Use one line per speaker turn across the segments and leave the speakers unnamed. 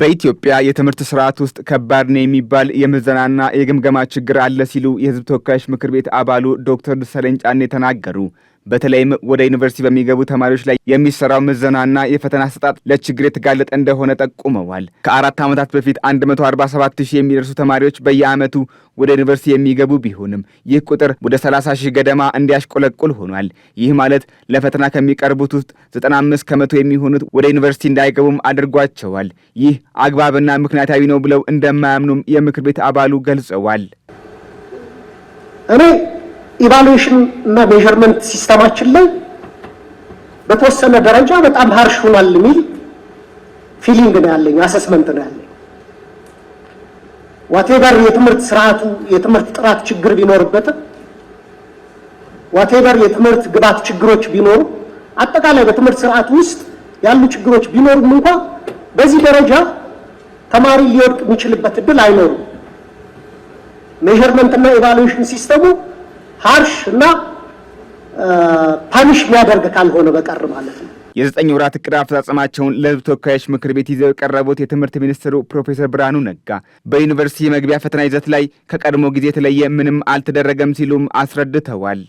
በኢትዮጵያ የትምህርት ስርዓት ውስጥ ከባድ ነው የሚባል የምዘናና የግምገማ ችግር አለ ሲሉ የህዝብ ተወካዮች ምክር ቤት አባሉ ዶክተር ደሳለኝ ጫኔ ተናገሩ። በተለይም ወደ ዩኒቨርሲቲ በሚገቡ ተማሪዎች ላይ የሚሰራው ምዘናና የፈተና አሰጣጥ ለችግር የተጋለጠ እንደሆነ ጠቁመዋል። ከአራት ዓመታት በፊት 147 ሺህ የሚደርሱ ተማሪዎች በየዓመቱ ወደ ዩኒቨርሲቲ የሚገቡ ቢሆንም ይህ ቁጥር ወደ 30 ሺህ ገደማ እንዲያሽቆለቁል ሆኗል። ይህ ማለት ለፈተና ከሚቀርቡት ውስጥ 95 ከመቶ የሚሆኑት ወደ ዩኒቨርሲቲ እንዳይገቡም አድርጓቸዋል። ይህ አግባብና ምክንያታዊ ነው ብለው እንደማያምኑም የምክር ቤት አባሉ ገልጸዋል።
ኢቫሉዌሽን እና ሜዥርመንት ሲስተማችን ላይ በተወሰነ ደረጃ በጣም ሀርሽ ሆኗል የሚል ፊሊንግ ነው ያለኝ፣ አሰስመንት ነው ያለኝ። ዋቴቨር የትምህርት ስርዓቱ የትምህርት ጥራት ችግር ቢኖርበትም ዋቴቨር የትምህርት ግባት ችግሮች ቢኖሩ አጠቃላይ በትምህርት ስርዓት ውስጥ ያሉ ችግሮች ቢኖሩም እንኳ በዚህ ደረጃ ተማሪ ሊወድቅ የሚችልበት እድል አይኖሩም። ሜዥርመንት እና ኢቫሉዌሽን ሲስተሙ ሀርሽ እና ፓኒሽ የሚያደርግ ካልሆነ በቀር ማለት ነው።
የዘጠኝ ወራት እቅድ አፈጻጸማቸውን ለሕዝብ ተወካዮች ምክር ቤት ይዘው የቀረቡት የትምህርት ሚኒስትሩ ፕሮፌሰር ብርሃኑ ነጋ በዩኒቨርሲቲ መግቢያ ፈተና ይዘት ላይ ከቀድሞ ጊዜ የተለየ ምንም አልተደረገም ሲሉም አስረድተዋል።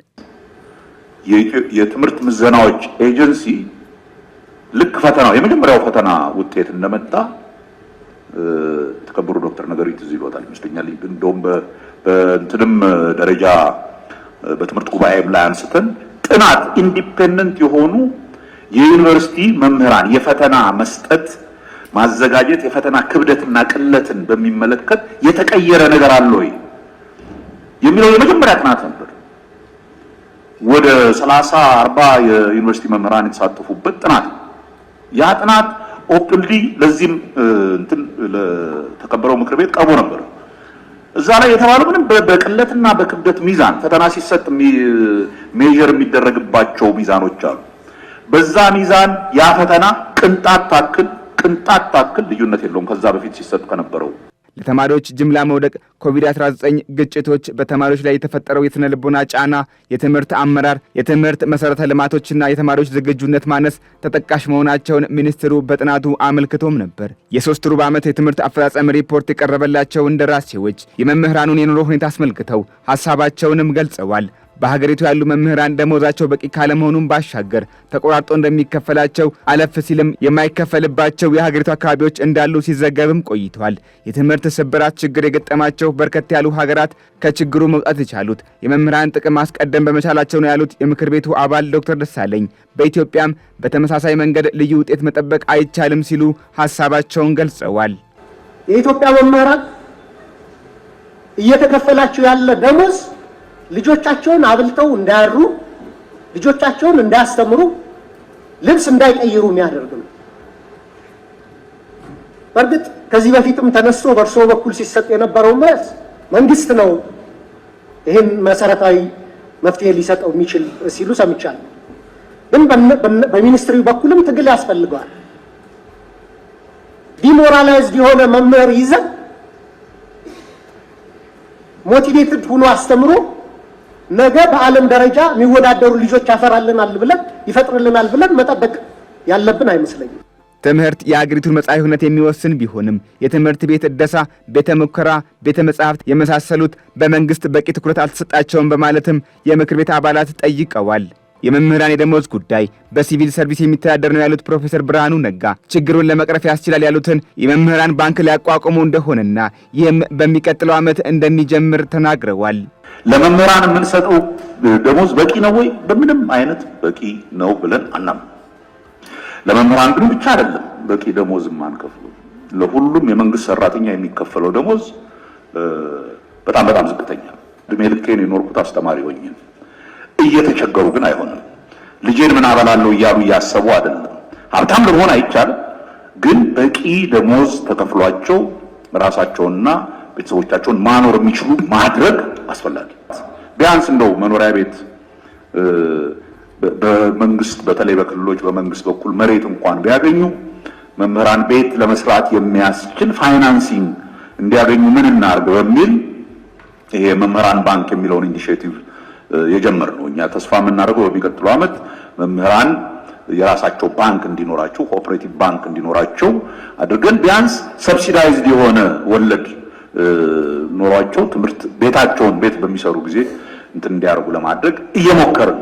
የትምህርት ምዘናዎች ኤጀንሲ ልክ ፈተናው የመጀመሪያው ፈተና ውጤት እንደመጣ የተከበሩ ዶክተር ነገሪት እዚህ ይሏታል ይመስለኛል። እንደውም በእንትንም ደረጃ በትምህርት ጉባኤም ላይ አንስተን ጥናት ኢንዲፔንደንት የሆኑ የዩኒቨርሲቲ መምህራን የፈተና መስጠት ማዘጋጀት የፈተና ክብደትና ቅለትን በሚመለከት የተቀየረ ነገር አለ ወይ የሚለው የመጀመሪያ ጥናት ነበር። ወደ 30 40 የዩኒቨርሲቲ መምህራን የተሳተፉበት ጥናት ያ ጥናት ኦፕንሊ ለዚህም እንትን ለተከበረው ምክር ቤት ቀርቦ ነበር። እዛ ላይ የተባለው ምንም በቅለትና በክብደት ሚዛን ፈተና ሲሰጥ ሜዥር የሚደረግባቸው ሚዛኖች አሉ። በዛ ሚዛን ያ ፈተና ቅንጣት ታክል ቅንጣት ታክል ልዩነት የለውም ከዛ በፊት ሲሰጥ ከነበረው
የተማሪዎች ጅምላ መውደቅ፣ ኮቪድ-19፣ ግጭቶች፣ በተማሪዎች ላይ የተፈጠረው የስነ ልቦና ጫና፣ የትምህርት አመራር፣ የትምህርት መሠረተ ልማቶችና የተማሪዎች ዝግጁነት ማነስ ተጠቃሽ መሆናቸውን ሚኒስትሩ በጥናቱ አመልክቶም ነበር። የሶስት ሩብ ዓመት የትምህርት አፈጻጸም ሪፖርት የቀረበላቸው እንደራሴዎች የመምህራኑን የኑሮ ሁኔታ አስመልክተው ሀሳባቸውንም ገልጸዋል። በሀገሪቱ ያሉ መምህራን ደሞዛቸው በቂ ካለመሆኑም ባሻገር ተቆራርጦ እንደሚከፈላቸው አለፍ ሲልም የማይከፈልባቸው የሀገሪቱ አካባቢዎች እንዳሉ ሲዘገብም ቆይተዋል። የትምህርት ስብራት ችግር የገጠማቸው በርከት ያሉ ሀገራት ከችግሩ መውጣት የቻሉት የመምህራን ጥቅም ማስቀደም በመቻላቸው ነው ያሉት የምክር ቤቱ አባል ዶክተር ደሳለኝ በኢትዮጵያም በተመሳሳይ መንገድ ልዩ ውጤት መጠበቅ አይቻልም ሲሉ ሀሳባቸውን ገልጸዋል።
የኢትዮጵያ መምህራን እየተከፈላቸው ያለ ደሞዝ ልጆቻቸውን አብልተው እንዳያሩ፣ ልጆቻቸውን እንዳያስተምሩ፣ ልብስ እንዳይቀይሩ የሚያደርግ ነው። በእርግጥ ከዚህ በፊትም ተነስቶ በእርስዎ በኩል ሲሰጥ የነበረው መልስ መንግስት ነው ይህን መሰረታዊ መፍትሄ ሊሰጠው የሚችል ሲሉ ሰምቻለሁ። ግን በሚኒስትሪው በኩልም ትግል ያስፈልገዋል። ዲሞራላይዝድ የሆነ መምህር ይዘን ሞቲቬትድ ሆኖ አስተምሮ ነገ በዓለም ደረጃ የሚወዳደሩ ልጆች ያፈራልናል ብለን ይፈጥርልናል ብለን መጠበቅ ያለብን አይመስለኝም።
ትምህርት የአገሪቱን መጻኢ ሁነት የሚወስን ቢሆንም የትምህርት ቤት እደሳ፣ ቤተ ሙከራ፣ ቤተ መጻሕፍት የመሳሰሉት በመንግስት በቂ ትኩረት አልተሰጣቸውም በማለትም የምክር ቤት አባላት ጠይቀዋል። የመምህራን የደሞዝ ጉዳይ በሲቪል ሰርቪስ የሚተዳደር ነው ያሉት ፕሮፌሰር ብርሃኑ ነጋ ችግሩን ለመቅረፍ ያስችላል ያሉትን የመምህራን ባንክ ሊያቋቁሙ እንደሆነና ይህም በሚቀጥለው ዓመት እንደሚጀምር ተናግረዋል።
ለመምህራን የምንሰጠው ደሞዝ በቂ ነው ወይ? በምንም አይነት በቂ ነው ብለን አናም። ለመምህራን ግን ብቻ አይደለም በቂ ደሞዝ የማንከፍለው ለሁሉም የመንግስት ሰራተኛ የሚከፈለው ደሞዝ በጣም በጣም ዝቅተኛ። እድሜ ልኬን የኖርኩት አስተማሪ ሆኜ እየተቸገሩ ግን አይሆንም። ልጄን ምን አበላለሁ እያሉ እያሰቡ አይደለም። ሀብታም ለመሆን አይቻልም፣ ግን በቂ ደሞዝ ተከፍሏቸው ራሳቸውንና ቤተሰቦቻቸውን ማኖር የሚችሉ ማድረግ አስፈላጊ። ቢያንስ እንደው መኖሪያ ቤት በመንግስት በተለይ በክልሎች በመንግስት በኩል መሬት እንኳን ቢያገኙ መምህራን ቤት ለመስራት የሚያስችል ፋይናንሲንግ እንዲያገኙ ምን እናድርግ በሚል ይሄ መምህራን ባንክ የሚለውን ኢኒሼቲቭ የጀመርነው። እኛ ተስፋ የምናደርገው በሚቀጥለው ዓመት መምህራን የራሳቸው ባንክ እንዲኖራቸው ኮኦፕሬቲቭ ባንክ እንዲኖራቸው አድርገን ቢያንስ ሰብሲዳይዝድ የሆነ ወለድ ኖሯቸው ትምህርት ቤታቸውን ቤት በሚሰሩ ጊዜ እንትን እንዲያደርጉ ለማድረግ እየሞከርን